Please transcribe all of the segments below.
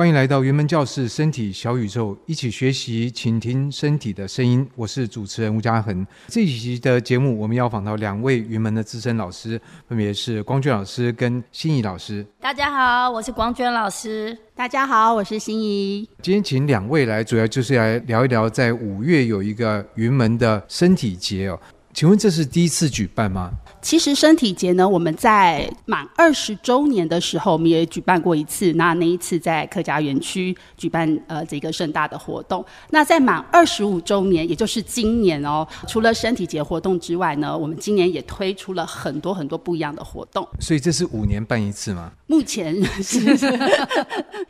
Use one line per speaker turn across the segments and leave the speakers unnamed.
歡迎來到雲門教室，身體小宇宙，一起學習，傾聽身體的聲音。我是主持人吳家恆。這一期的節目，我們邀訪到兩位雲門的資深老師，分別是光娟老師跟欣怡老師。
大家好，我是光娟老師。大家好，我是欣怡。
今天請兩位來，主要就是來聊一聊，在五月有一個雲門的身體節哦。請問這是第一次舉辦嗎？
其實身體節呢，我們在滿二十周年的時候，我們也舉辦過一次。那那一次在客家園區舉辦呃這個盛大的活動。那在滿二十五周年，也就是今年哦，除了身體節活動之外呢，我們今年也推出了很多很多不一樣的活動。
所以這是五年辦一次嗎？
目前是，
是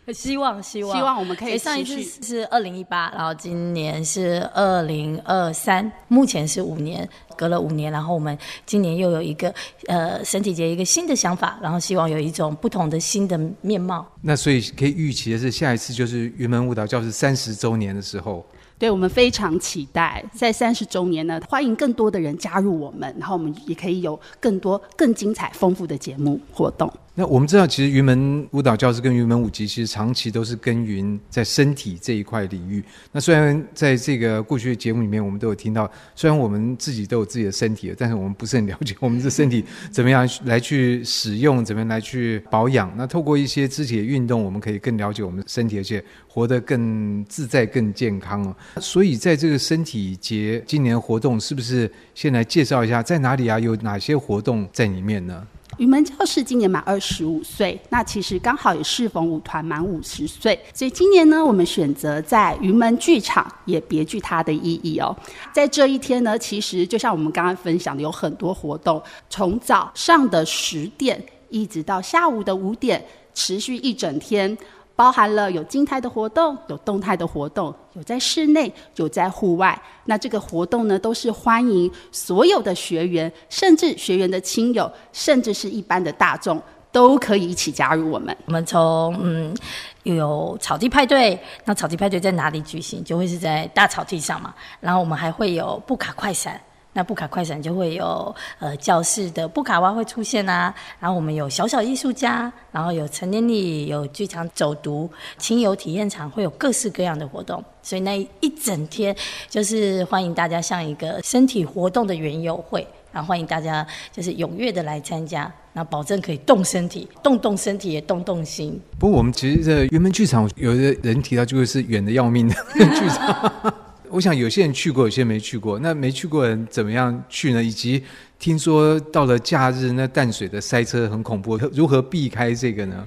希，希望希望希望我們可以上一次是二零一八，然後今年是二零二三，目前是五年。隔了五年，然後我們今年又有一個呃，身體節一個新的想法，然後希望有一種不同的新的面貌。
那所以可以預期的是，下一次就是雲門舞蹈教室三十周年的時候。
對，我們非常期待，在三十周年呢，歡迎更多的人加入我們，然後我們也可以有更多更精彩豐富的節目活動。
那我們知道，其實雲門舞蹈教室跟雲門舞集其實長期都是耕耘在身體這一塊領域。那雖然在這個過去的節目裡面，我們都有聽到，雖然我們自己都有自己的身體，但是我們不是很了解我們的身體怎麼樣來去使用，怎麼樣來去保養。那透過一些肢體的運動，我們可以更了解我們的身體，而且活得更自在、更健康。所以在這個身體節今年活動，是不是先來介紹一下在哪裡啊？有哪些活動在裡面呢？
雲門教室今年滿二十五歲，那其實剛好也適逢舞團滿五十歲，所以今年呢，我們選擇在雲門劇場也別具它的意義哦。在這一天呢，其實就像我們剛剛分享的，有很多活動，從早上的十點一直到下午的五點，持續一整天。包含了有靜態的活動，有動態的活動，有在室內，有在戶外。那這個活動呢，都是歡迎所有的學員，甚至學員的親友，甚至是一般的大眾，都可以一起加入我們。我們從嗯，有草地派對，
那草地派對在哪裡舉行？就會是在大草地上嘛。然後我們還會有布卡快閃。那布卡快閃就會有，呃，教室的布卡蛙會出現啊，然後我們有小小藝術家，然後有成年禮，有劇場走讀，親友體驗場會有各式各樣的活動，所以那一整天就是歡迎大家像一個身體活動的園遊會，然後歡迎大家就是踴躍的來參加，那保證可以動身體，動動身體也動動心。
不過我們其實這雲門劇場，有的人提到就是遠的要命的劇場。 我想有些人去過，有些人沒去過。那沒去過人怎麼樣去呢？以及聽說到了假日，那淡水的塞車很恐怖，如何避開這個呢？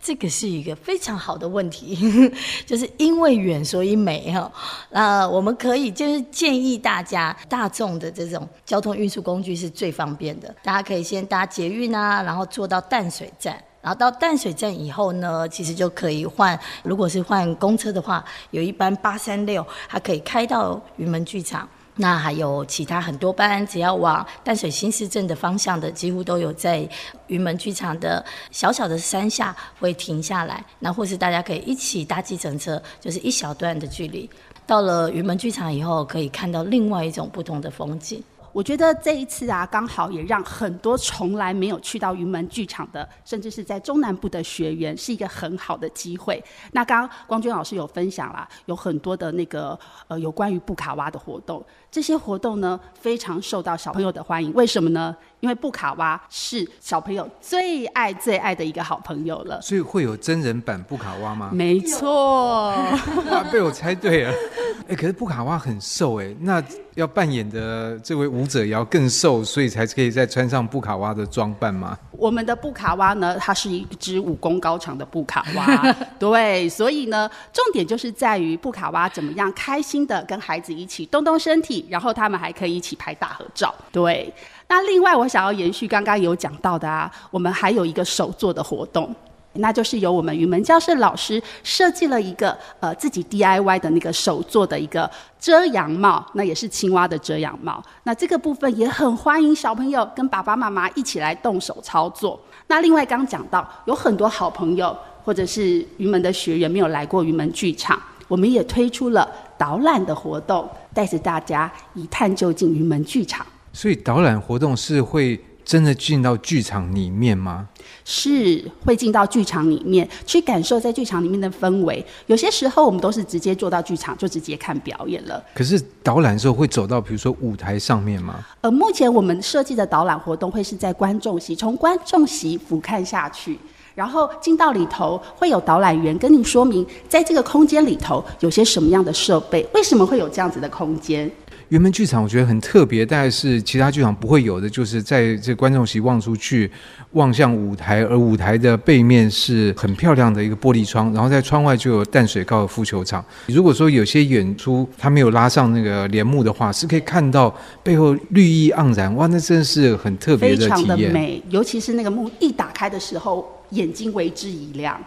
這個是一個非常好的問題，就是因為遠所以美。哈。那、呃、我們可以就是建議大家，大眾的這種交通運輸工具是最方便的。大家可以先搭捷運啊，然後坐到淡水站。然後到淡水站以後呢，其實就可以換。如果是換公車的話，有一班八三六，還可以開到雲門劇場。那還有其他很多班，只要往淡水新市鎮的方向的，幾乎都有在雲門劇場的小小的山下會停下來。那或是大家可以一起搭計程車，就是一小段的距離。到了雲門劇場以後，可以看到另外一種不同的
風景。我覺得這一次啊，剛好也讓很多從來沒有去到雲門劇場的，甚至是在中南部的學員，是一個很好的機會。那剛剛光娟老師有分享啦，有很多的那個呃有關於布卡蛙的活動。這些活動呢，非常受到小朋友的歡迎，為什麼呢？因為布卡蛙是小朋友最愛最愛的一個好朋友了。
所以會有真人版布卡蛙嗎？沒
錯，
哎、 被我猜對了。哎，可是布卡蛙很瘦哎，欸，那要扮演的這位舞者也要更瘦，所以才可以再穿上布卡蛙的裝扮嗎？
我們的布卡蛙呢，它是一隻武功高強的布卡蛙。對，所以呢，重點就是在於布卡蛙怎麼樣開心的跟孩子一起動動身體。然後他們還可以一起拍大合照。對，那另外我想要延續剛剛有講到的啊，我們還有一個手作的活動，那就是由我們雲門教室老師設計了一個呃自己 DIY 的那個手作的一個遮陽帽，那也是青蛙的遮陽帽。那這個部分也很歡迎小朋友跟爸爸媽媽一起來動手操作。那另外剛講到有很多好朋友或者是雲門的學員沒有來過雲門劇場，我們也推出了導覽的活動。帶着大家一探究竟，雲門劇場。
所以導覽活動是會真的進到劇場裡面嗎？
是會進到劇場裡面，去感受在劇場裡面的氛圍。有些時候我們都是直接坐到劇場，就直接看表演了。
可是導覽的時候會走到，比如說舞台上面嗎？
呃，目前我們設計的導覽活動會是在觀眾席，從觀眾席俯瞰下去。然後進到裡頭，會有導覽員跟您說明，在這個空間裡頭有些什麼樣的設備，為什麼會有這樣子的空間。
雲門劇場我覺得很特別，但是其他劇場不會有的，就是在這觀眾席望出去，望向舞台，而舞台的背面是很漂亮的一個玻璃窗，然後在窗外就有淡水高爾夫球場。如果說有些演出它沒有拉上那個簾幕的話，是可以看到背後綠意盎然，哇，那真是很特別的體驗。非常的美，
尤其是那個幕一打開的時候。眼睛為之一亮，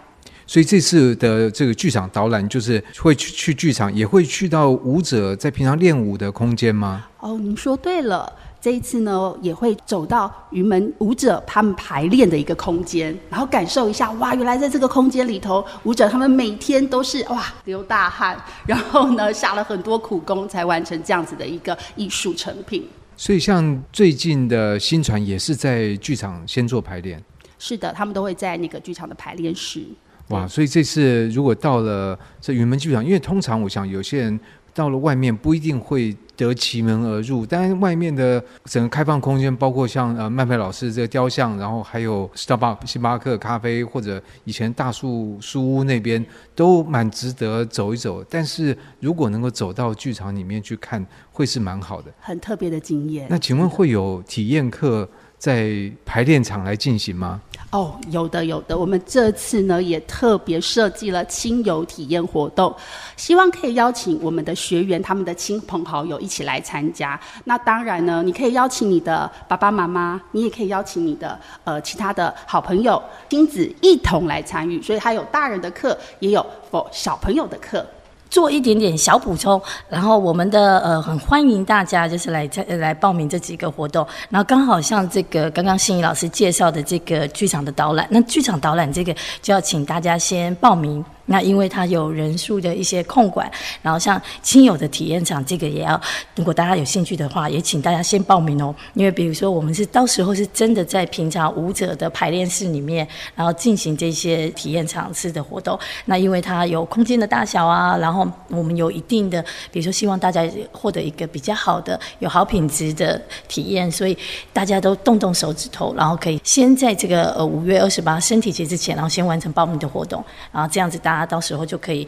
所以這次的這個劇場導覽就是會去去劇場，也會去到舞者在平常練舞的空間嗎？
哦，您說對了，這一次呢，也會走到雲門舞者他們排練的一個空間，然後感受一下，哇，原來在這個空間裡頭，舞者他們每天都是哇流大汗，然後呢，下了很多苦功才完成這樣子的一個藝術成品。
所以像最近的薪傳也是在劇場先做排練。
是的，他們都會在那個劇場的排練室。
哇，所以這次如果到了這雲門劇場，因為通常我想有些人到了外面不一定會得其門而入，但外面的整個開放空間，包括像呃曼菲老師這個雕像，然後還有 Starbucks 星巴克咖啡，或者以前大樹書屋那邊，都蠻值得走一走。但是如果能夠走到劇場裡面去看，會是蠻好的，
很特別的經驗。那請問會
有體驗課，在排練場來進行嗎？
哦，有的，有的。我們這次呢，也特別設計了親友體驗活動，希望可以邀請我們的學員、他們的親朋好友一起來參加。那當然呢，你可以邀請你的爸爸媽媽，你也可以邀請你的呃其他的好朋友、親子一同來參與。所以，還有大人的課，也有 for 小朋友的課。做一點點小補充，然後我們的呃很歡迎大家就是來、
呃、來報名這幾個活動，然後剛好像這個剛剛欣怡老師介紹的這個劇場的導覽，那劇場導覽這個就要請大家先報名。那因為它有人數的一些控管，然後像親友的體驗場，這個也要，如果大家有興趣的話，也請大家先報名哦。因為比如說，我們是到時候是真的在平常舞者的排練室裡面，然後進行這些體驗場次的活動。那因為它有空間的大小啊，然後我們有一定的，比如說希望大家獲得一個比較好的、有好品質的體驗，所以大家都動動手指頭，然後可以先在這個呃五月二十八身體節之前，然後先完成報名的活動，然後這樣子大家。那到時候就可以，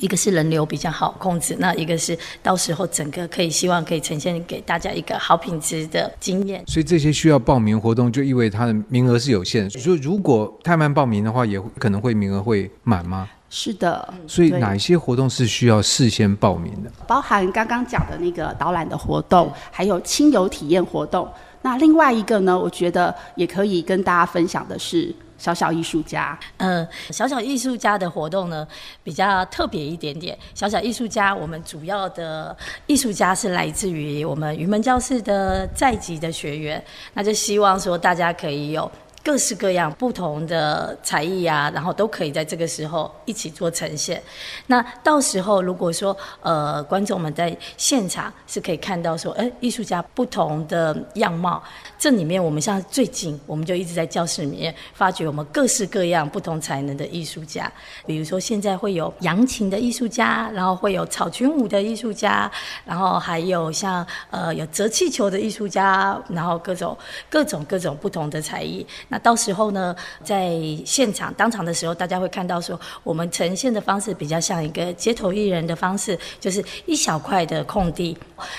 一個是人流比較好控制，那一個是到時候整個可以希望可以呈現給大家一個好品質的經驗。
所以這些需要報名活動，就意味它的名額是有限。所以如果太慢報名的話，也可能會名額會滿嗎？
是的。所以哪一
些活動是需要事先報名的？
包含剛剛講的那個導覽的活動，還有親友體驗活動。那另外一個呢？我覺得也可以跟大家分享的是。小小藝術家，
嗯，小小藝術家的活動呢，比較特別一點點。小小藝術家，我們主要的藝術家是來自於我們雲門教室的在籍的學員，那就希望說大家可以有。各式各樣不同的才藝呀、啊，然後都可以在這個時候一起做呈現。那到時候如果說呃，觀眾們在現場是可以看到說，哎、欸，藝術家不同的樣貌。這裡面我們像最近，我們就一直在教室裡面發掘我們各式各樣不同才能的藝術家。比如說現在會有揚琴的藝術家，然後會有草裙舞的藝術家，然後還有像呃有折氣球的藝術家，然後各種各種各種不同的才藝。那到時候呢，在現場當場的時候，大家會看到說，我們呈現的方式比較像一個街頭藝人的方式，就是一小塊的空地，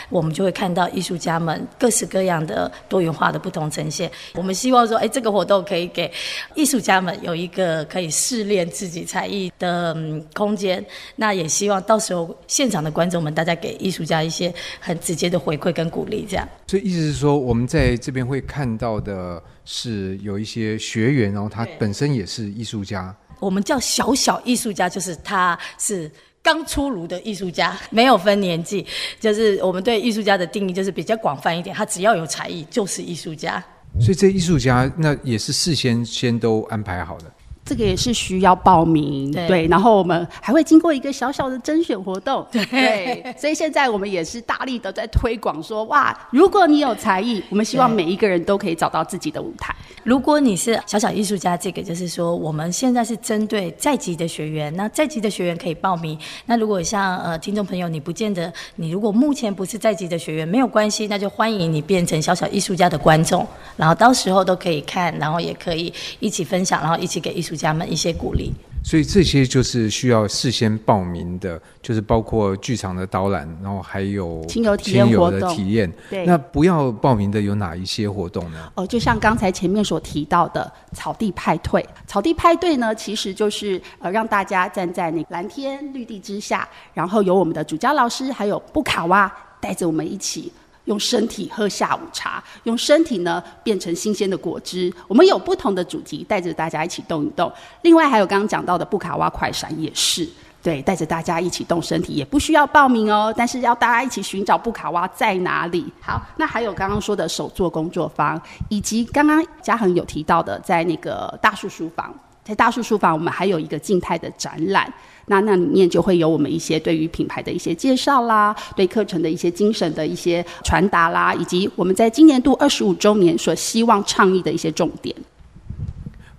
我們就會看到藝術家們各式各樣的多元化的不同呈現。我們希望說，哎，這個活動可以給藝術家們有一個可以試煉自己才藝的、嗯、空間。那也希望到時候現場的觀眾們，大家給藝術家一些很直接的回饋跟鼓勵，這樣。
所以意思是說，我們在這邊會看到的。是有一些學員，然後他本身也是藝術家。
我們叫小小藝術家，就是他是剛出爐的藝術家，沒有分年紀。就是我們對藝術家的定義，就是比較廣
泛一點，他只要有才藝就是藝術家。
所以這藝術家那也是事先先
都安排好的。這個也是需要報名，對，對，然後我們還會經過一個小小的甄選活動，對，對，所以現在我們也是大力的在推廣說，說哇，如果你有才藝，我們希望每一個人都可以找到自己的舞台。如果你是小小藝術
家，這個就是說，我們現在是針對在籍的學員，那在籍的學員可以報名。那如果像呃聽眾朋友，你不見得，你如果目前不是在籍的學員，沒有關係，那就歡迎你變成小小藝術家的觀眾，然後到時候都可以看，然後也可以一起分享，然後一起給藝術家們一些鼓勵，
所以這些就是需要事先報名的，就是包括劇場的導覽，然後還有親友體驗活動。體驗對，那不要報名的有哪一些活動呢？哦、
呃，就像剛才前面所提到的草地派對，草地派對呢，其實就是呃讓大家站在那藍天綠地之下，然後由我們的主教老師還有布卡蛙帶着我們一起。用身體喝下午茶，用身體呢變成新鮮的果汁。我們有不同的主題，帶着大家一起動一動。另外還有剛剛講到的布卡蛙快閃，也是對，帶着大家一起動身體，也不需要報名哦。但是要大家一起尋找布卡蛙在哪裡。好，那還有剛剛說的手作工作坊，以及剛剛嘉恆有提到的，在那個大樹書房。在大樹書房，我們還有一個靜態的展覽，那那裡面就會有我們一些對於品牌的一些介紹啦，對課程的一些精神的一些傳達啦，以及我們在今年度二十五周年所希望倡議的一些重點。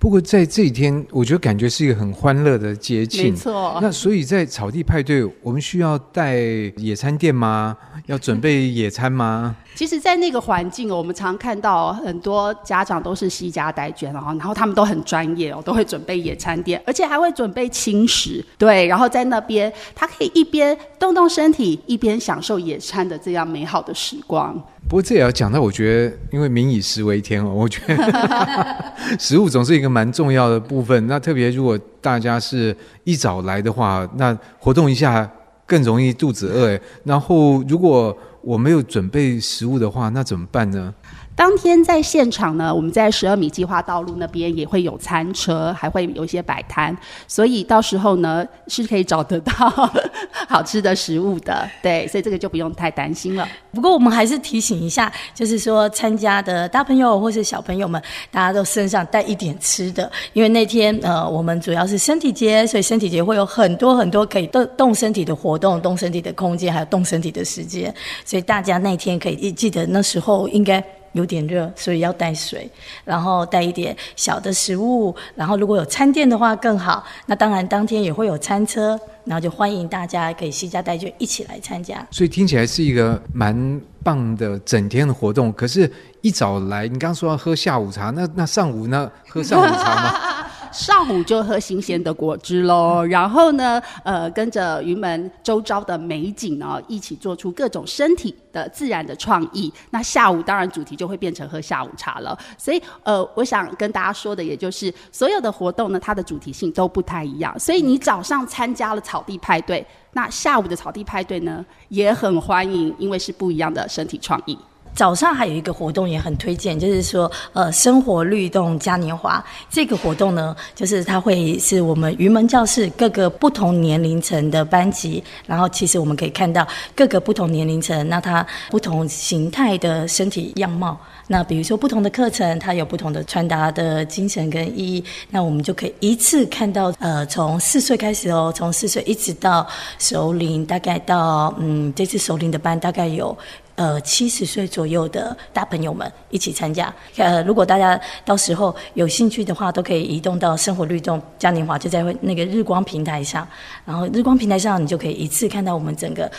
不過在這一天，我覺得感覺是一個很歡樂的節慶。沒錯，那所以在草地派對，我們需要帶野餐墊嗎？要準備野餐嗎？
其實，在那個環境，我們常看到很多家長都是攜家帶眷然哈，然後他們都很專業哦，都會準備野餐墊，而且還會準備輕食。對，然後在那邊，他可以一邊動動身體，一邊享受野餐的這樣美好的時光。不
過這也要講到，我覺得因為民以食為天哦，我覺得 食物總是一個蠻重要的部分。那特別如果大家是一早來的話，那活動一下更容易肚子餓誒。然後如果我沒有準備食物的話，那怎麼辦呢？
當天在現場呢，我們在十二米計劃道路那邊也會有餐車，還會有一些擺攤，所以到時候呢是可以找得到好吃的食物的。對，所以這個就不用太擔心了。
不過我們還是提醒一下，就是說參加的大朋友或是小朋友們，大家都身上帶一點吃的，因為那天呃，我們主要是身體節，所以身體節會有很多很多可以動動身體的活動、動身體的空間，還有動身體的時間，所以大家那天可以記得那時候應該。有點熱，所以要帶水，然後帶一點小的食物，然後如果有野餐墊的話更好。那當然當天也會有餐車，然後就歡迎大家可以攜家帶眷一起來參加。
所以聽起來是一個蠻棒的整天的活動。可是一早來，你剛剛說要喝下午茶，那那上午呢？喝上午茶嗎？
上午就喝新鮮的果汁嘍，然後呢，呃，跟着雲門周遭的美景呢，一起做出各種身體的自然的創意。那下午當然主題就會變成喝下午茶了。所以，呃，我想跟大家說的也就是，所有的活動呢，它的主題性都不太一樣。所以你早上參加了草地派對，那下午的草地派對呢，也很歡迎，因為是不一樣的身體創意。
早上還有一個活動也很推薦，就是說，呃，生活律動嘉年華這個活動呢，就是它會是我們雲門教室各個不同年齡層的班級，然後其實我們可以看到各個不同年齡層，那它不同形態的身體樣貌，那比如說不同的課程，它有不同的傳達的精神跟意義，那我們就可以一次看到，呃，從四歲開始哦，從四歲一直到熟齡，大概到嗯，這次熟齡的班大概有。呃，七十歲左右的大朋友們一起參加。呃，如果大家到時候有興趣的話，都可以移動到生活律動嘉年華，就在那個日光平台上。然後日光平台上，你就可以一次看到我們整個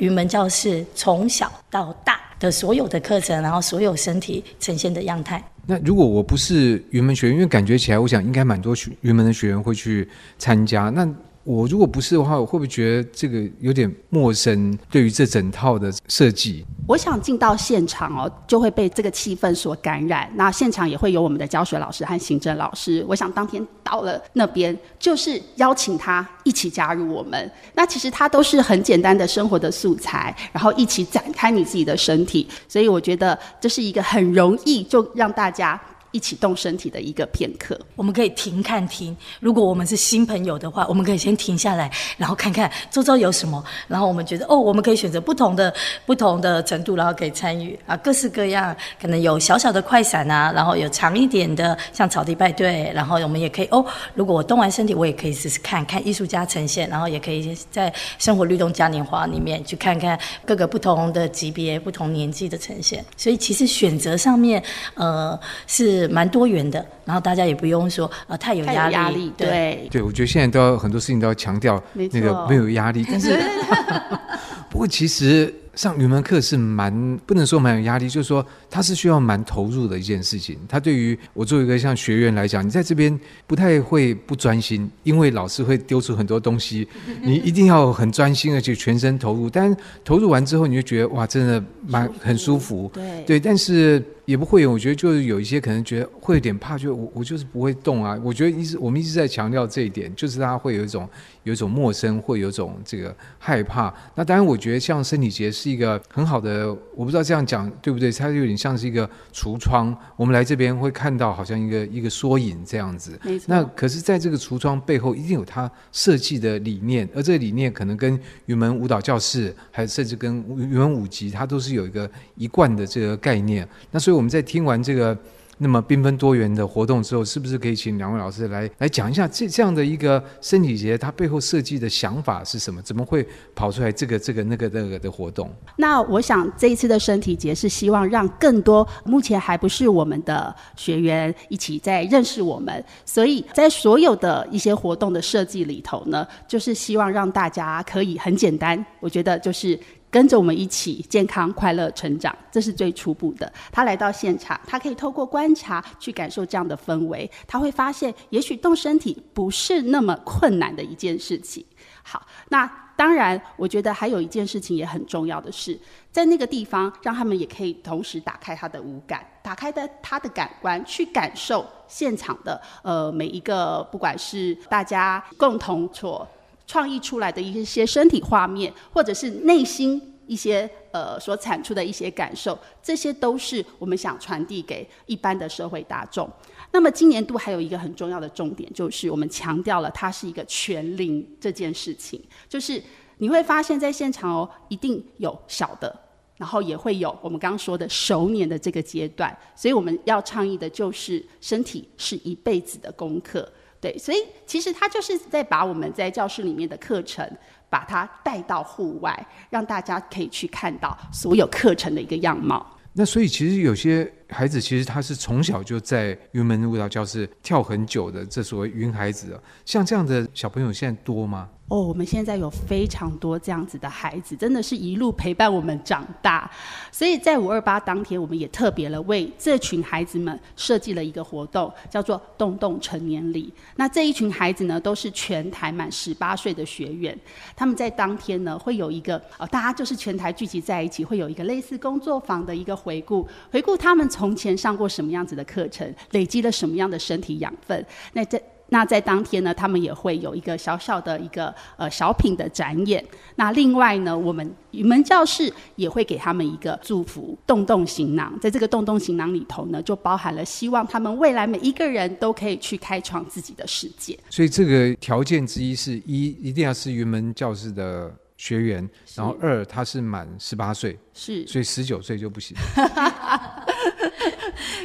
雲門教室從小到大的所有的課程，然後所有身體呈現的樣態。
那如果我不是雲門學員，因為感覺起來，我想應該蠻多學雲門的學員會去參加。那我如果不是的話，我會不會覺得這個有點陌生？對於這整套的設計，
我想進到現場哦，就會被這個氣氛所感染。那現場也會有我們的教學老師和行政老師。我想當天到了那邊，就是邀請他一起加入我們。那其實它都是很簡單的生活的素材，然後一起展開你自己的身體。所以我覺得這是一個很容易就讓大家。一起動身體的一個片刻，我們
可以停看聽。如果我們是新朋友的話，我們可以先停下來，然後看看周遭有什麼。然後我們覺得哦，我們可以選擇不同的不同的程度，然後可以參與啊，各式各樣。可能有小小的快閃啊，然後有長一點的，像草地派對，然後我們也可以哦，如果我動完身體，我也可以試試看看，看藝術家呈現，然後也可以在生活律動嘉年華裡面去看看各個不同的級別、不同年紀的呈現。所以其實選擇上面，呃，是。是蠻多元的，然後大家也不用說、呃、太，有太有壓力，對
對，我覺得現在都要很多事情都要強調那個沒有壓力，但是 不過其實上雲門課是蠻不能說蠻有壓力，就是說它是需要蠻投入的一件事情。它對於我作為一個像學員來講，你在這邊不太會不專心，因為老師會丟出很多東西，你一定要很專心而且全身投入。 但投入完之後，你就覺得哇，真的蠻舒很舒服，對，對但是。也不會有，我覺得就是有一些可能覺得會有點怕，就我我就是不會動啊。我覺得一直我們一直在強調這一點，就是大家會有一種有一種陌生，會有一種這個害怕。那當然，我覺得像身體節是一個很好的，我不知道這樣講對不對？它有點像是一個櫥窗，我們來這邊會看到好像一個一個縮影這樣子。那可是在這個櫥窗背後一定有它設計的理念，而這個理念可能跟雲門舞蹈教室，還有甚至跟雲門舞集，它都是有一個一貫的這個概念。那所以。我們在聽完這個那麼繽紛多元的活動之後，是不是可以請兩位老師來來講一下這這樣的一個身體節，它背後設計的想法是什麼？怎麼會跑出來這個這個那個那個的活動？
那我想這一次的身體節是希望讓更多目前還不是我們的學員一起在認識我們，所以在所有的一些活動的設計裡頭呢，就是希望讓大家可以很簡單，我覺得就是。跟着我們一起健康快樂成長，這是最初步的。他來到現場，他可以透過觀察去感受這樣的氛圍。他會發現，也許動身體不是那麼困難的一件事情。好，那當然，我覺得還有一件事情也很重要的是，在那個地方，讓他們也可以同時打開他的五感，打開的他的感官去感受現場的呃每一個，不管是大家共同做。創意出來的一些身體畫面，或者是內心一些呃所產出的一些感受，這些都是我們想傳遞給一般的社會大眾。那麼今年度還有一個很重要的重點，就是我們強調了它是一個全齡這件事情。就是你會發現在現場哦，一定有小的，然後也會有我們剛剛說的熟年的這個階段，所以我們要倡議的就是身體是一輩子的功課。對，所以其實他就是在把我們在教室裡面的課程，把它帶到戶外，讓大家可以去看到所有課程的一個樣貌。那所
以其實有些。孩子其實他是從小就在雲門舞蹈教室跳很久的，這所謂「雲孩子」啊，像這樣的小朋友現在多嗎？
哦，我們現在有非常多這樣子的孩子，真的是一路陪伴我們長大。所以在五二八當天，我們也特別了為這群孩子們設計了一個活動，叫做「動動成年禮」。那這一群孩子呢，都是全台滿十八歲的學員，他們在當天呢會有一個哦，大家就是全台聚集在一起，會有一個類似工作坊的一個回顧，回顧他們從。從前上過什麼樣子的課程，累積了什麼樣的身體養分？那在那在當天呢，他們也會有一個小小的一個呃小品的展演。那另外呢，我們雲門教室也會給他們一個祝福，動動行囊。在這個動動行囊裡頭呢，就包含了希望他們未來每一個人都可以去開創自己的世界。
所以這個條件之一是一一定要是雲門教室的學員，然後二他是滿十八歲，是所以十九歲就不行。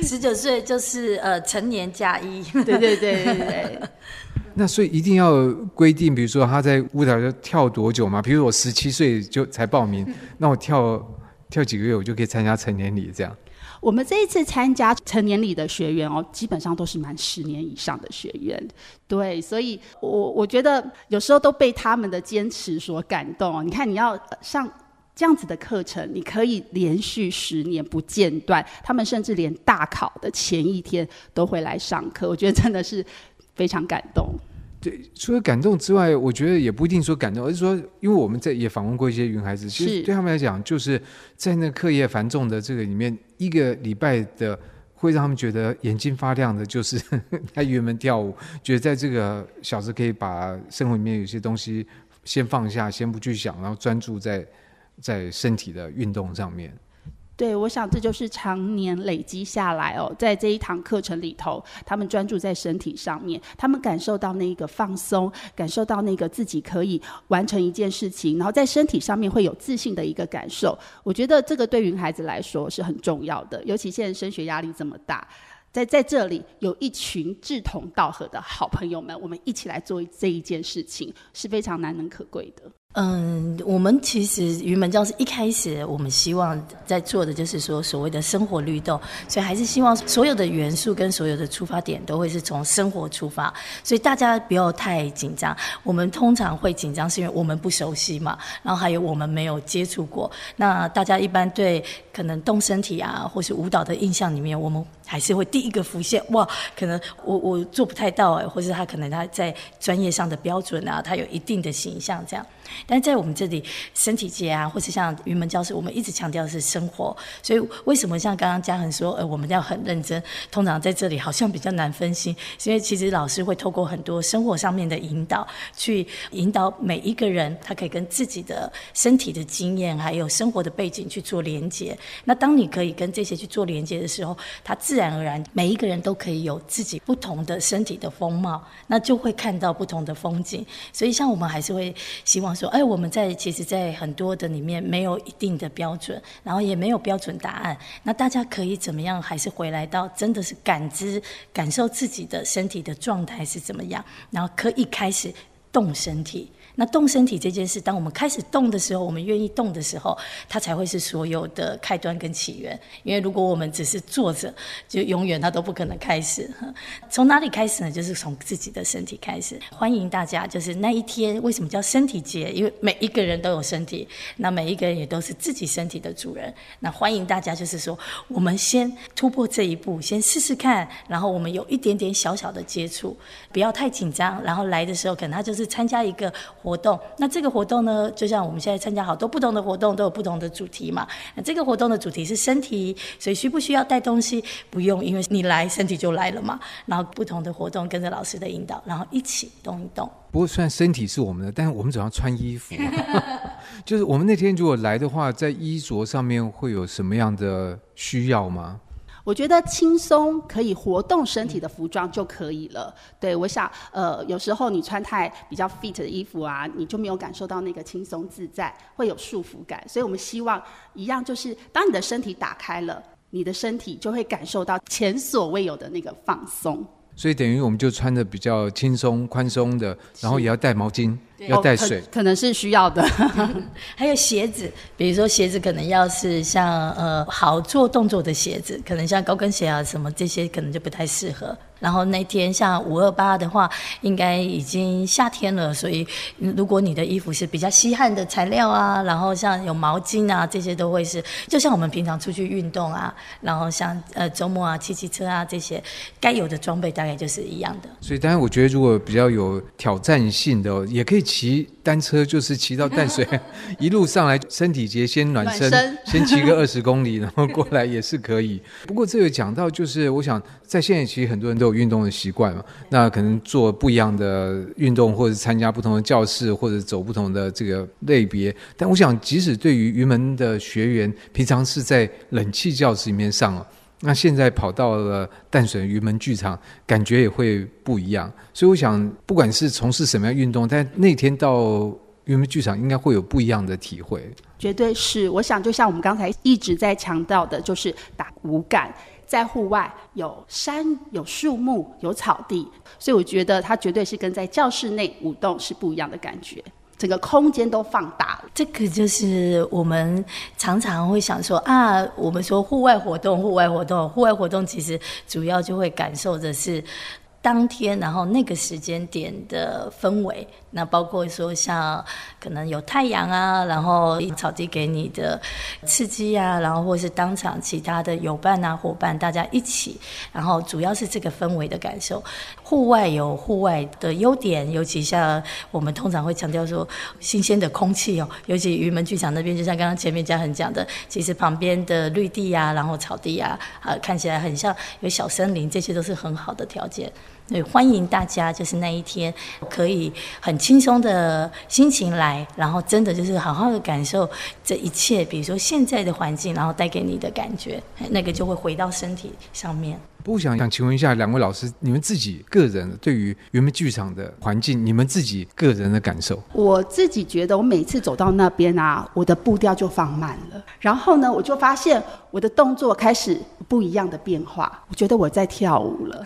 十九歲就是呃成年加一， 對對對對對
那所以一定要規定，比如說他在舞蹈就跳多久嘛？比如我十七歲就才報名， 那我跳跳幾個月我就可以參加成年禮這樣？
我們這一次參加成年禮的學員哦，基本上都是滿十年以上的學員。對，所以我我覺得有時候都被他們的堅持所感動哦。你看，你要上。這樣子的課程，你可以連續十年不間斷。他們甚至連大考的前一天都會來上課，我覺得真的是非常感動。
對，除了感動之外，我覺得也不一定說感動，而是說，因為我們在也訪問過一些雲孩子，其實對他們來講，就是在那課業繁重的這個裡面，一個禮拜的會讓他們覺得眼睛發亮的，就是在雲門跳舞，覺得在這個小時可以把生活裡面有些東西先放下，先不去想，然後專注在。在身體的運動上面，
對，我想這就是常年累積下來哦，在這一堂課程裡頭，他們專注在身體上面，他們感受到那個放鬆，感受到那個自己可以完成一件事情，然後在身體上面會有自信的一個感受。我覺得這個對於孩子來說是很重要的，尤其現在升學壓力這麼大，在在這裡有一群志同道合的好朋友們，我們一起來做這一件事情是非常難能可貴的。
嗯，我們其實雲門教室一開始，我們希望在做的就是說，所謂的生活律動，所以還是希望所有的元素跟所有的出發點都會是從生活出發。所以大家不要太緊張。我們通常會緊張，是因為我們不熟悉嘛，然後還有我們沒有接觸過。那大家一般對可能動身體啊，或是舞蹈的印象裡面，我們還是會第一個浮現。哇，可能我我做不太到、欸、或是他可能他在專業上的標準啊，他有一定的形象這樣。但在我們這裡，身體節啊，或者像雲門教室，我們一直強調的是生活。所以為什麼像剛剛嘉恆說，呃，我們要很認真？通常在這裡好像比較難分心，是因為其實老師會透過很多生活上面的引導，去引導每一個人，他可以跟自己的身體的經驗，還有生活的背景去做連接。那當你可以跟這些去做連接的時候，他自然而然每一個人都可以有自己不同的身體的風貌，那就會看到不同的風景。所以像我們還是會希望，說，哎，我們在其實，在很多的裡面沒有一定的標準，然後也沒有標準答案。那大家可以怎麼樣？還是回來到真的是感知、感受自己的身體的狀態是怎麼樣，然後可以開始。動身體，那動身體這件事，當我們開始動的時候，我們願意動的時候，它才會是所有的開端跟起源。因為如果我們只是坐着，就永遠它都不可能開始。從哪裡開始呢？就是從自己的身體開始。歡迎大家，就是那一天為什麼叫身體節？因為每一個人都有身體，那每一個人也都是自己身體的主人。那歡迎大家，就是說我們先突破這一步，先試試看，然後我們有一點點小小的接觸，不要太緊張。然後來的時候，可能它就是。參加一個活動，那這個活動呢，就像我們現在參加好多不同的活動，都有不同的主題嘛。那這個活動的主題是身體，所以需不需要帶東西？不用，因為你來身體就來了嘛。然後不同的活動跟着老師的引導，然後一起動一動。
不過雖然身體是我們的，但是我們總要穿衣服。 就是我們那天如果來的話，在衣着上面會有什麼樣的需要嗎？
我覺得輕鬆可以活動身體的服裝就可以了。對，我想，呃，有時候你穿太比較 fit 的衣服啊，你就沒有感受到那個輕鬆自在，會有束縛感。所以我們希望一樣就是，當你的身體打開了，你的身體就會感受到前所未有的那個放鬆。
所以等於我們就穿得比較輕鬆寬鬆的，然後也要帶毛巾。要帶水，
哦，可能是需要的
嗯。還有鞋子，比如說鞋子可能要是像呃好做動作的鞋子，可能像高跟鞋啊什麼這些可能就不太適合。然後那天像五二八的話，應該已經夏天了，所以如果你的衣服是比較吸汗的材料啊，然後像有毛巾啊這些都會是，就像我們平常出去運動啊，然後像呃週末啊騎騎車啊這些，該有的裝備大概就是一樣的。
所以當然，我覺得如果比較有挑戰性的，也可以。騎單車就是騎到淡水， 一路上來身體節先暖身，暖身 先騎個二十公里，然後過來也是可以。不過這個講到就是，我想在現在其實很多人都有運動的習慣嘛，那可能做不一樣的運動，或者參加不同的教室，或者走不同的這個類別。但我想，即使對於雲門的學員，平常是在冷氣教室裡面上啊。那現在跑到了淡水雲門劇場，感覺也會不一樣。所以我想，不管是從事什麼樣運動，但那天到雲門劇場應該會有不一樣的體會。
絕對是，我想就像我們剛才一直在強調的，就是打五感，在戶外有山、有樹木、有草地，所以我覺得它絕對是跟在教室內舞動是不一樣的感覺。整個空間都放大。
這個就是我們常常會想說啊，我們說戶外活動，戶外活動，戶外活動，其實主要就會感受的是當天，然後那個時間點的氛圍。那包括說像可能有太陽啊，然後草地給你的刺激啊，然後或是當場其他的友伴啊夥伴，大家一起，然後主要是這個氛圍的感受。戶外有戶外的優點，尤其像我們通常會強調說新鮮的空氣哦，尤其雲門劇場那邊，就像剛剛前面姜恆講的，其實旁邊的綠地啊，然後草地啊，啊看起來很像有小森林，這些都是很好的條件。對，歡迎大家，就是那一天可以很輕鬆的心情來，然後真的就是好好的感受這一切，比如說現在的環境，然後帶給你的感覺，那個
就會回到身體上面。
我想想請問一下兩位老師，你們自己個人對於雲門劇場的環境，你們自己個人的感受？
我自己覺得，我每次走到那邊啊，我的步調就放慢了，然後呢，我就發現我的動作開始不一樣的變化。我覺得我在跳舞了。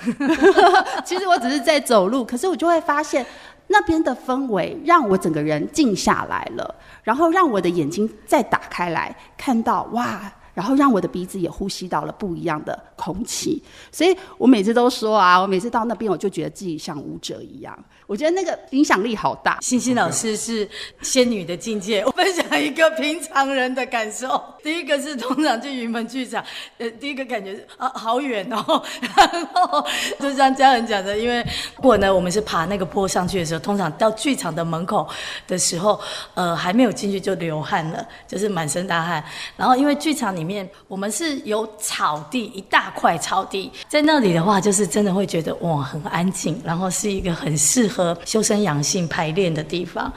其實我只是在走路， 可是我就會發現那邊的氛圍讓我整個人靜下來了，然後讓我的眼睛再打開來，看到哇。然後讓我的鼻子也呼吸到了不一樣的空氣，所以我每次都說啊，我每次到那邊我就覺得自己像舞者一樣。我覺得那個影響力好大。欣怡老師是仙女的境界，
我分享一個平常人的感受。第一個是通常去雲門劇場，呃，第一個感覺是啊好遠哦，然後就像家人講的，因為過呢，我們是爬那個坡上去的時候，通常到劇場的門口的時候，呃，還沒有進去就流汗了，就是滿身大汗。然後因為劇場裡面。面我們是有草地，一大塊草地，在那裡的話，就是真的會覺得哇，很安靜，然後是一個很適合修身養性排練的地方。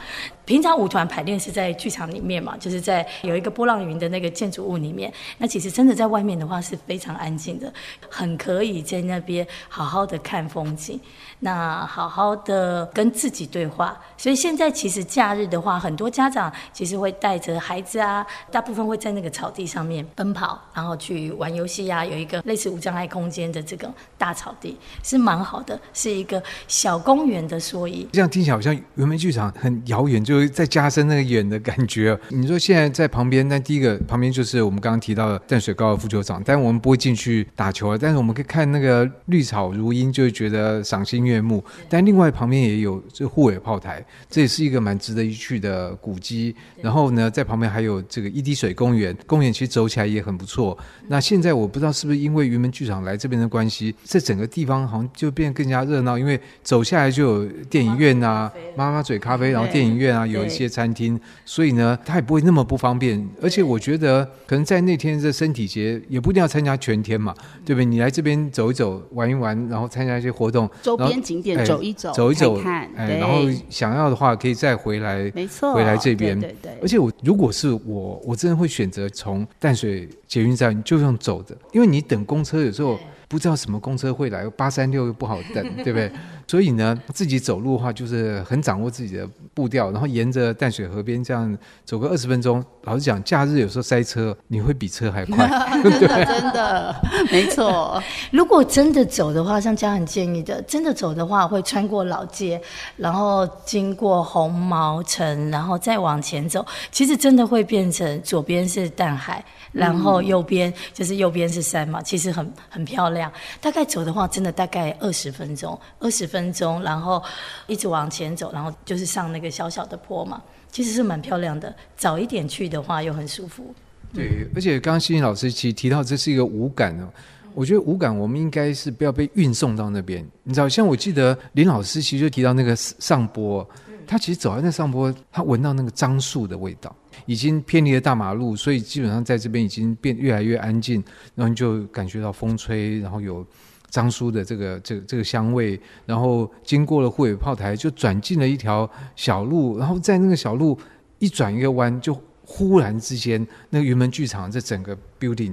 平常舞團排練是在劇場裡面嘛，就是在有一個波浪雲的那個建築物裡面。那其實真的在外面的話是非常安靜的，很可以在那邊好好的看風景，那好好的跟自己對話。所以現在其實假日的話，很多家長其實會帶着孩子啊，大部分會在那個草地上面奔跑，然後去玩遊戲啊。有一個類似無障礙空間的這個大草地是蠻好的，是一個小公園的縮影。
這樣聽起來好像雲門劇場很遙遠就。就在加深那個遠的感覺。你說現在在旁邊，那第一個旁邊就是我們剛剛提到的淡水高爾夫球場，但我們不會進去打球，但是我們可以看那個綠草如茵，就會覺得賞心悅目。但另外旁邊也有這滬尾炮台，這也是一個蠻值得一去的古蹟。然後呢，在旁邊還有這個一滴水公園，公園其實走起來也很不錯。那現在我不知道是不是因為雲門劇場來這邊的關係，嗯、這整個地方好像就變得更加熱鬧，因為走下來就有電影院啊、媽媽嘴咖啡，然後電影院啊。有一些餐廳，所以呢，他也不會那麼不方便。而且我覺得，可能在那天這身體節也不一定要參加全天嘛對，對不對？你來這邊走一走，玩一玩，然後參加一些活動，周邊景點、哎、走一走，走一走，看哎、然後想要的話可以再回來，
沒錯，回來這邊。對對，對。而
且我如果是我，我真的會選擇從淡水捷運站就用走的，因為你等公車有時候不知道什麼公車會來，八三六又不好等，對不對？ 所以呢，自己走路的話，就是很掌握自己的步調，然後沿着淡水河邊這樣走個二十分鐘。老實講，假日有時候塞車，你會比車還快。 真的， 對啊、真
的，
沒錯。 如果真的走的話，像嘉很建議的，真的走的話，會穿過老街，然後經過紅毛城，然後再往前走。其實真的會變成左邊是淡海，然後右邊、嗯、就是右邊是山嘛。其實很很漂亮。大概走的話，真的大概二十分鐘，二十。分鐘，然後一直往前走，然後就是上那個小小的坡嘛，其實是蠻漂亮的。早一點去的話，又很舒服。對，
而且剛剛欣怡老師其實提到，這是一個五感哦、嗯。我覺得五感，我們應該是不要被運送到那邊。你知道，像我記得林老師其實就提到那個上坡、嗯，他其實走在那上坡，他聞到那個樟樹的味道，已經偏離了大馬路，所以基本上在這邊已經變得越來越安靜，然後你就感覺到風吹，然後有。樟樹的這個這個這個香味，然後經過了滬尾炮台，就轉進了一條小路，然後在那個小路一轉一個彎，就忽然之間，那個雲門劇場的這整個 building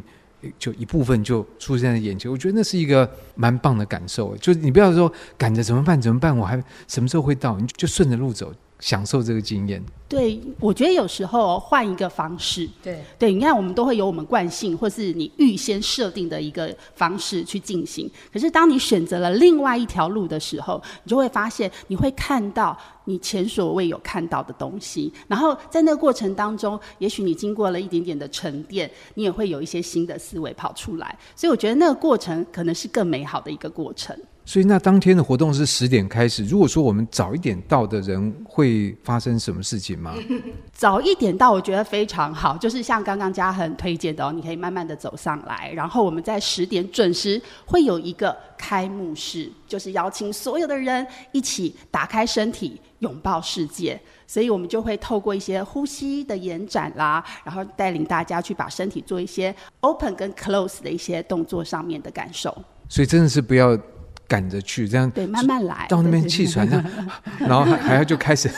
就一部分就出現在眼前。我覺得那是一個蠻棒的感受，就是你不要說趕着怎麼辦怎麼辦，我還什麼時候會到，你就順着路走。享受這個經驗，
對我覺得有時候換一個方式，對對，你看我們都會有我們慣性，或是你預先設定的一個方式去進行。可是當你選擇了另外一條路的時候，你就會發現，你會看到你前所未有看到的東西。然後在那個過程當中，也許你經過了一點點的沉澱，你也會有一些新的思維跑出來。所以我覺得那個過程可能是更美好的一個過程。
所以那當天的活動是十點開始。如果說我們早一點到的人會發生什麼事情嗎？
早一點到，我覺得非常好，就是像剛剛嘉恆推薦的哦，你可以慢慢的走上來。然後我們在十點準時會有一個開幕式，就是邀請所有的人一起打開身體，擁抱世界。所以我們就會透過一些呼吸的延展啦，然後帶領大家去把身體做一些 open 跟 close 的一些動作上面的感受。
所以真的是不要。趕着去，這樣
對慢慢來到那邊汽船上，對對對對然後還還要就
開始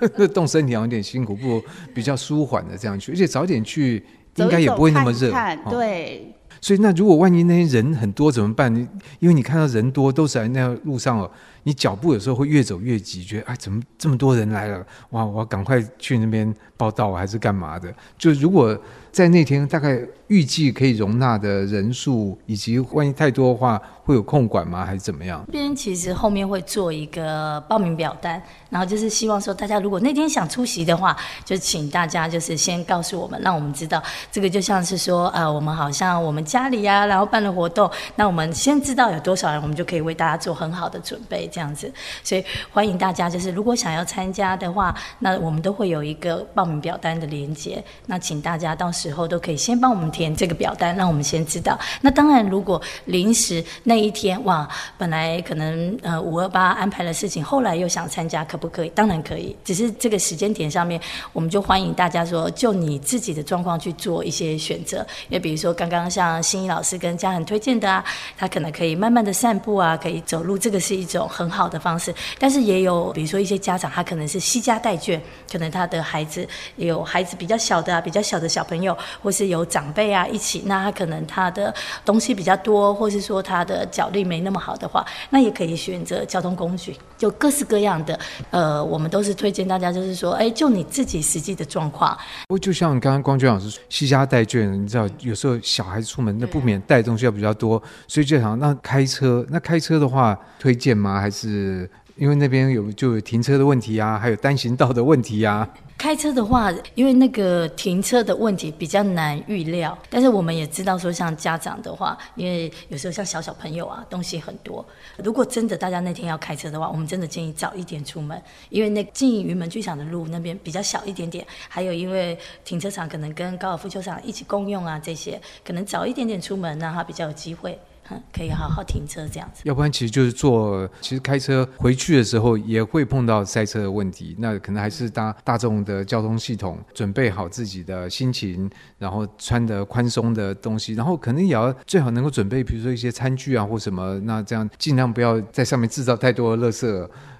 就動身體，有點辛苦，不過比較舒緩的這樣去，而且早點去走走應該也不會那麼熱、哦。對，所以那如果萬一那些人很多怎麼辦？因為你看到人多都是在那條路上哦，你腳步有時候會越走越急，覺得哎怎麼這麼多人來了？哇，我要趕快去那邊報到，還是幹嘛的？就如果。在那天大概預計可以容納的人數，以及萬一太多的話，會有控管嗎？還是怎麼樣？
這邊其實後面會做一個報名表單，然後就是希望說大家如果那天想出席的話，就請大家就是先告訴我們，讓我們知道這個就像是說，呃，我們好像我們家裡呀、啊，然後辦了活動，那我們先知道有多少人，我們就可以為大家做很好的準備這樣子。所以歡迎大家就是如果想要參加的話，那我們都會有一個報名表單的連接，那請大家到時。時候都可以先幫我們填這個表單，讓我們先知道。那當然，如果臨時那一天哇，本來可能呃五二八安排了事情，後來又想參加，可不可以？當然可以，只是這個時間點上面，我們就歡迎大家說，就你自己的狀況去做一些選擇。也比如說，剛剛像欣怡老師跟家人推薦的啊，他可能可以慢慢的散步啊，可以走路，這個是一種很好的方式。但是也有比如說一些家長，他可能是攜家帶眷，可能他的孩子也有孩子比較小的，啊，比較小的小朋友。或是有長輩啊一起，那他可能他的東西比較多，或是說他的腳力沒那麼好的話，那也可以選擇交通工具，就各式各樣的。呃，我們都是推薦大家，就是說，哎、欸，就你自己實際的狀況。
不過就像剛剛光娟老師說，攜家帶眷，你知道，有時候小孩子出門，那不免帶東西要比較多，所以就想那開車，那開車的話，推薦嗎？還是？因為那邊有就有停車的問題啊，還有單行道的問題啊。
開車的話，因為那個停車的問題比較難預料，但是我們也知道說，像家長的話，因為有時候像小小朋友啊，東西很多。如果真的大家那天要開車的話，我們真的建議早一點出門，因為那進雲門劇場的路那邊比較小一點點，還有因為停車場可能跟高爾夫球場一起共用啊，這些可能早一點點出門，那他比較有機會。嗯、可
以好好停車這樣子，要不然其實就是坐，其實開車回去的時候也會碰到塞車的問題。那可能還是搭大眾的交通系統，準備好自己的心情，然後穿的寬鬆的東西，然後可能也要最好能夠準備，比如說一些餐具啊或什麼。那這樣盡量不要在上面製造太多的垃圾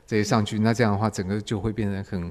這些上去。嗯，那這樣的話整個就會變得很。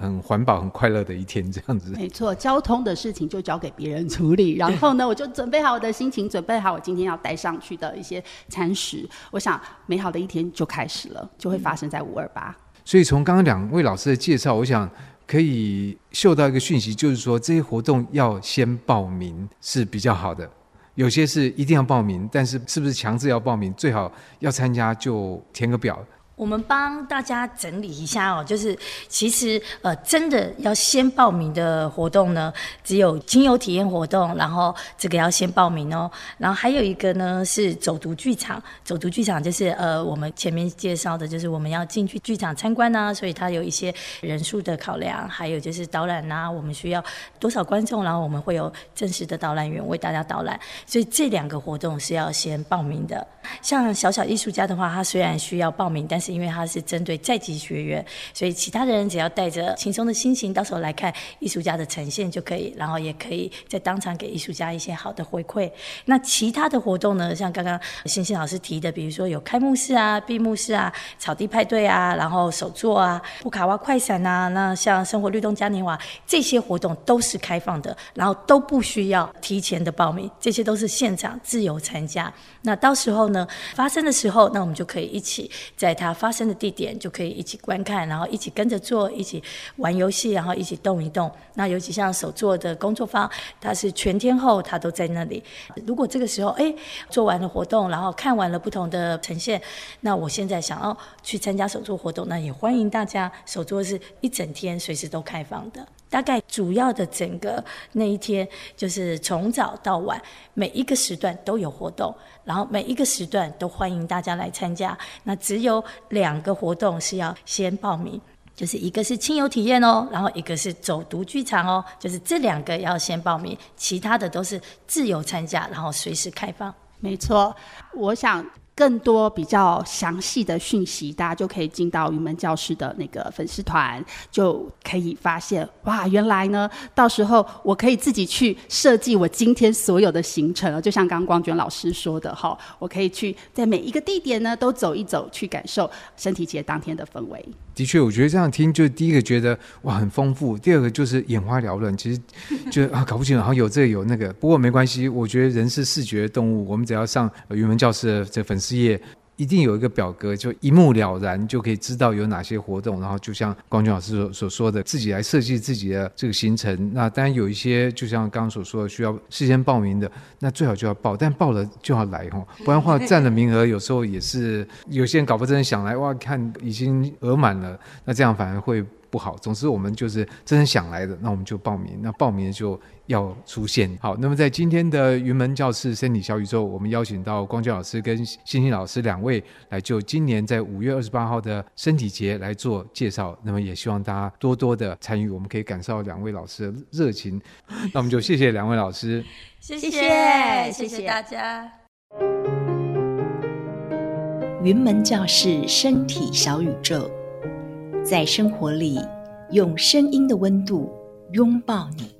很環保、很快樂的一天，這樣子。
沒錯，交通的事情就交給別人處理。 然後呢，我就準備好我的心情，準備好我今天要帶上去的一些餐食。我想，美好的一天就開始了，就會發生在五二八。
所以從剛剛兩位老師的介紹，我想可以嗅到一個訊息，就是說這些活動要先報名是比較好的。有些是一定要報名，但是是不是強制要報名？最好要參加就填個表。
我們幫大家整理一下哦，就是其實呃，真的要先報名的活動呢，只有親友體驗活動，然後這個要先報名哦。然後還有一個呢是走讀劇場，走讀劇場就是呃，我們前面介紹的就是我們要進去劇場參觀吶、啊，所以它有一些人數的考量，還有就是導覽吶、啊，我們需要多少觀眾，然後我們會有正式的導覽員為大家導覽。所以這兩個活動是要先報名的。像小小藝術家的話，他雖然需要報名，但是因為它是針對在籍學員，所以其他的人只要帶着輕鬆的心情，到時候來看藝術家的呈現就可以，然後也可以在當場給藝術家一些好的回饋。那其他的活動呢？像剛剛星星老師提的，比如說有開幕式啊、閉幕式啊、草地派對啊、然後手作啊、布卡哇快閃啊，那像生活律動嘉年華這些活動都是開放的，然後都不需要提前的報名，這些都是現場自由參加。那到時候呢，發生的時候，那我們就可以一起在它，發生的地點就可以一起觀看，然後一起跟着做，一起玩遊戲，然後一起動一動。那尤其像手作的工作坊，它是全天候，它都在那裡。如果這個時候，哎、欸，做完了活動，然後看完了不同的呈現，那我現在想要去參加手作活動，那也歡迎大家。手作是一整天，隨時都開放的。大概主要的整個那一天，就是從早到晚，每一個時段都有活動，然後每一個時段都歡迎大家來參加。那只有兩個活動是要先報名，就是一個是親友體驗哦，然後一個是走讀劇場哦，就是這兩個要先報名，其他的都是自由參加，然後隨時開放。沒
錯，我想。更多比較詳細的訊息，大家就可以進到雲門教室的那個粉絲團，就可以發現哇，原來呢，到時候我可以自己去設計我今天所有的行程。就像剛剛光娟老師說的哈，我可以去在每一個地點呢都走一走，去感受身體節當天的氛圍。
的確，我覺得這樣聽，就第一個覺得哇很豐富，第二個就是眼花繚亂。其實就 啊搞不清楚，好像有這個有那個。不過沒關係，我覺得人是視覺動物，我們只要上雲門、呃、教室的這粉絲。事業一定有一個表格，就一目了然，就可以知道有哪些活動。然後就像光娟老師所所說的，自己來設計自己的這個行程。那當然有一些，就像剛剛所說的，需要事先報名的，那最好就要報。但報了就要來，哦。不然的話佔的名額，有時候也是有些人搞不真想來，哇，看已經額滿了，那這樣反而會。不好，總之我們就是真正想來的，那我們就報名。那報名就要出現。好，那麼在今天的雲門教室身體小宇宙，我們邀請到光娟老師跟欣怡老師兩位來就今年在五月二十八號的身體節來做介紹。那麼也希望大家多多的參與，我們可以感受到兩位老師的熱情。 那我們就謝謝兩位老師，
謝謝，謝謝大家。雲門教室身體小宇宙，在生活裡，用聲音的溫度擁抱你。